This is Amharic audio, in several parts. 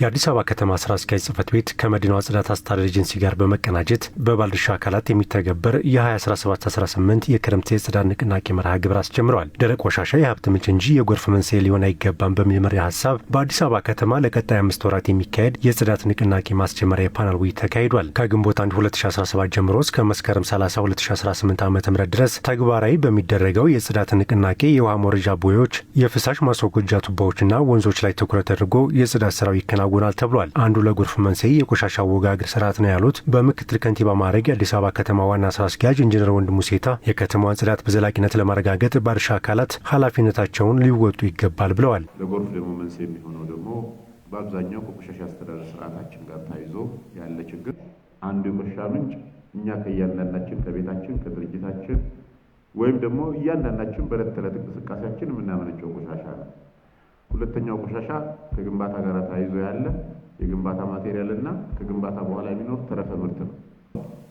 የአዲስ አበባ ከተማ ስራ አስኪያጅ ጽህፈት ቤት ከመዲናዋ ጽዳት አስተዳደር ኤጀንሲ ጋር በመቀናጀት በባለድርሻ አካላት የሚተገበር የ2017/18 የክረምት የጽዳት ንቅናቄ መርሃ ግብር አስጀምረዋል። ደረቅ ቆሻሻ የሀብት ምንጭ እንጂ የጎርፍ መንስኤ ሊሆን አይገባም በሚል መሪ ሀሳብ በአዲስ አበባ ከተማ ለቀጣይ አምስት ወራት የሚካሄድ የጽዳት ንቅናቄ ማስጀመሪያ የፓናል ውይይት ተካሂዷል። ከግንቦት 1 2017 ጀምሮ እስከ መስከረም 30 2018 ዓ ም ድረስ ተግባራዊ በሚደረገው የጽዳት ንቅናቄ የውሃ መውረጃ ቦዮች፣ የፍሳሽ ማስወገጃ ቱቦዎችና ወንዞች ላይ ትኩረት ተደርጎ የጽዳት ስራው ይከናወ ይከናወናል ተብሏል። አንዱ ለጎርፍ መንስኤ የቆሻሻ አወጋገድ ስርዓት ነው ያሉት በምክትል ከንቲባ ማዕረግ የአዲስ አበባ ከተማ ዋና ስራ አስኪያጅ ኢንጂነር ወንድሙ ሴታ የከተማዋን ጽዳት በዘላቂነት ለማረጋገጥ ባለድርሻ አካላት ኃላፊነታቸውን ሊወጡ ይገባል ብለዋል። ለጎርፍ ደግሞ መንስኤ የሚሆነው ደግሞ በአብዛኛው ከቆሻሻ አስተዳደር ስርዓታችን ጋር ታይዞ ያለ ችግር አንዱ የቆሻሻ ምንጭ እኛ ከእያንዳንዳችን ከቤታችን ከድርጅታችን ወይም ደግሞ እያንዳንዳችን በዕለት ተዕለት እንቅስቃሴያችን የምናመነጨው ቆሻሻ ሁለተኛው ቆሻሻ ከግንባታ ጋር ተያይዞ ያለ የግንባታ ማቴሪያል እና ከግንባታ በኋላ የሚኖር ተረፈ ምርት ነው።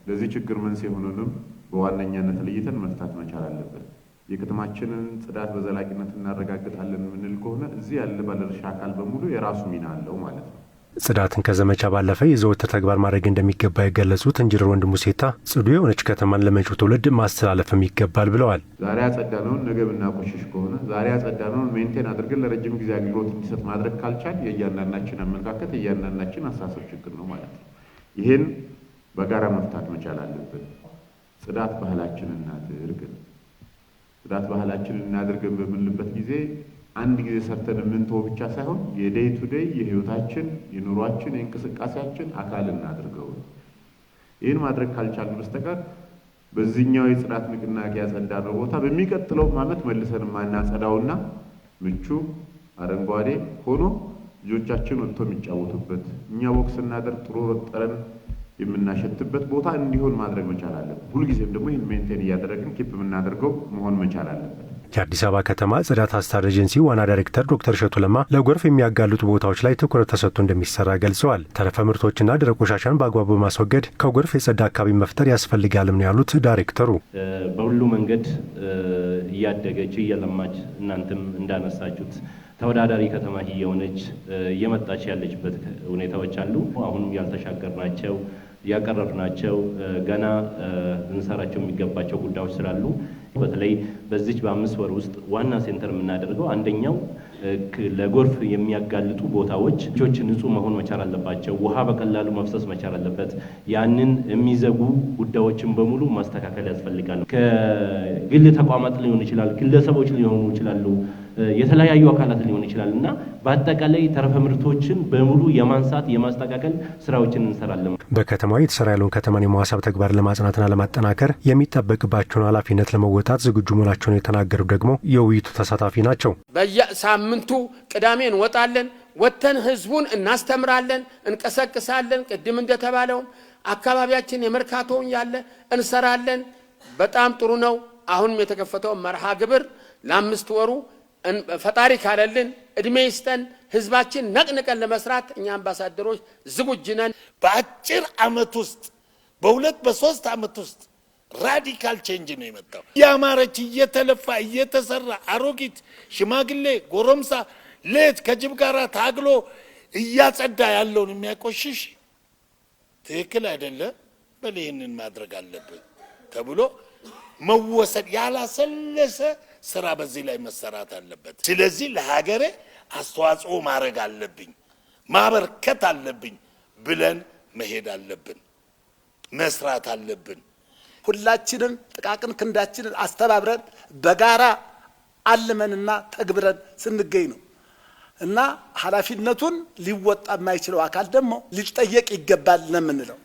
ለዚህ ችግር መንስኤ የሆኑንም በዋነኛነት ለይተን መፍታት መቻል አለብን። የከተማችንን ጽዳት በዘላቂነት እናረጋግጣለን የምንል ከሆነ እዚህ ያለ ባለድርሻ አካል በሙሉ የራሱ ሚና አለው ማለት ነው። ጽዳትን ከዘመቻ ባለፈ የዘወትር ተግባር ማድረግ እንደሚገባ የገለጹት ኢንጂነር ወንድሙ ሴታ ጽዱ የሆነች ከተማን ለመጪው ትውልድ ማስተላለፍም ይገባል ብለዋል። ዛሬ ያጸዳነውን ነገ ብናቆሽሽ ከሆነ ዛሬ ያጸዳነውን ሜንቴን አድርገን ለረጅም ጊዜ አገልግሎት እንዲሰጥ ማድረግ ካልቻል የእያንዳንዳችን አመለካከት የእያንዳንዳችን አሳሰብ ችግር ነው ማለት ነው። ይህን በጋራ መፍታት መቻል አለብን። ጽዳት ባህላችን እናድርግ ጽዳት ባህላችን እናድርግን በምንልበት ጊዜ አንድ ጊዜ ሰርተን የምንተው ብቻ ሳይሆን የዴይ ቱ ዴይ የህይወታችን፣ የኑሯችን፣ የእንቅስቃሴያችን አካል እናድርገው። ይህን ማድረግ ካልቻልን በስተቀር በዚህኛው የጽዳት ንቅናቄ ያጸዳነው ቦታ በሚቀጥለው ዓመት መልሰን የማናጸዳውና ምቹ አረንጓዴ ሆኖ ልጆቻችን ወጥቶ የሚጫወቱበት እኛ ቦክስ እናደርግ ጥሩ ጠረን የምናሸትበት ቦታ እንዲሆን ማድረግ መቻል አለብን። ሁልጊዜም ደግሞ ይህን ሜንቴን እያደረግን ኪፕ የምናደርገው መሆን መቻል አለበት። የአዲስ አበባ ከተማ ጽዳት አስታር ኤጀንሲ ዋና ዳይሬክተር ዶክተር እሸቱ ለማ ለጎርፍ የሚያጋልጡ ቦታዎች ላይ ትኩረት ተሰጥቶ እንደሚሰራ ገልጸዋል። ተረፈ ምርቶችና ደረቅ ቆሻሻን በአግባቡ በማስወገድ ከጎርፍ የጸዳ አካባቢ መፍጠር ያስፈልጋልም ነው ያሉት ዳይሬክተሩ። በሁሉ መንገድ እያደገች እየለማች እናንተም እንዳነሳችሁት ተወዳዳሪ ከተማ እየሆነች እየመጣች ያለችበት ሁኔታዎች አሉ። አሁንም ያልተሻገርናቸው ያቀረብናቸው ገና ልንሰራቸው የሚገባቸው ጉዳዮች ስላሉ በተለይ በዚች በአምስት ወር ውስጥ ዋና ሴንተር የምናደርገው አንደኛው ለጎርፍ የሚያጋልጡ ቦታዎች ልጆች ንጹህ መሆን መቻል አለባቸው። ውሃ በቀላሉ መፍሰስ መቻል አለበት። ያንን የሚዘጉ ጉዳዮችን በሙሉ ማስተካከል ያስፈልጋል። ከግል ተቋማት ሊሆን ይችላል፣ ግለሰቦች ሊሆኑ ይችላሉ። የተለያዩ አካላት ሊሆን ይችላል እና በአጠቃላይ ተረፈ ምርቶችን በሙሉ የማንሳት የማስተካከል ስራዎችን እንሰራለን። በከተማዋ የተሰራ ያለውን ከተማን የመዋሳብ ተግባር ለማጽናትና ለማጠናከር የሚጠበቅባቸውን ኃላፊነት ለመወጣት ዝግጁ መሆናቸውን የተናገሩ ደግሞ የውይይቱ ተሳታፊ ናቸው። በየሳምንቱ ቅዳሜ እንወጣለን። ወጥተን ህዝቡን እናስተምራለን፣ እንቀሰቅሳለን። ቅድም እንደተባለውም አካባቢያችን የመርካቶውን ያለ እንሰራለን። በጣም ጥሩ ነው። አሁንም የተከፈተው መርሃ ግብር ለአምስት ወሩ ፈጣሪ ካለልን እድሜ ይስጠን። ህዝባችን ነቅንቀን ለመስራት እኛ አምባሳደሮች ዝግጁ ነን። በአጭር አመት ውስጥ በሁለት በሶስት አመት ውስጥ ራዲካል ቼንጅ ነው የመጣው። እያማረች እየተለፋ እየተሰራ አሮጊት፣ ሽማግሌ፣ ጎረምሳ ሌት ከጅብ ጋር ታግሎ እያጸዳ ያለውን የሚያቆሽሽ ትክክል አይደለም። በል ይህንን ማድረግ አለብን። ተብሎ መወሰድ ያላሰለሰ ስራ በዚህ ላይ መሰራት አለበት። ስለዚህ ለሀገሬ አስተዋጽኦ ማድረግ አለብኝ፣ ማበርከት አለብኝ ብለን መሄድ አለብን፣ መስራት አለብን። ሁላችንም ጥቃቅን ክንዳችንን አስተባብረን በጋራ አልመንና ተግብረን ስንገኝ ነው እና ኃላፊነቱን ሊወጣ የማይችለው አካል ደግሞ ሊጠየቅ ይገባል ነው የምንለው።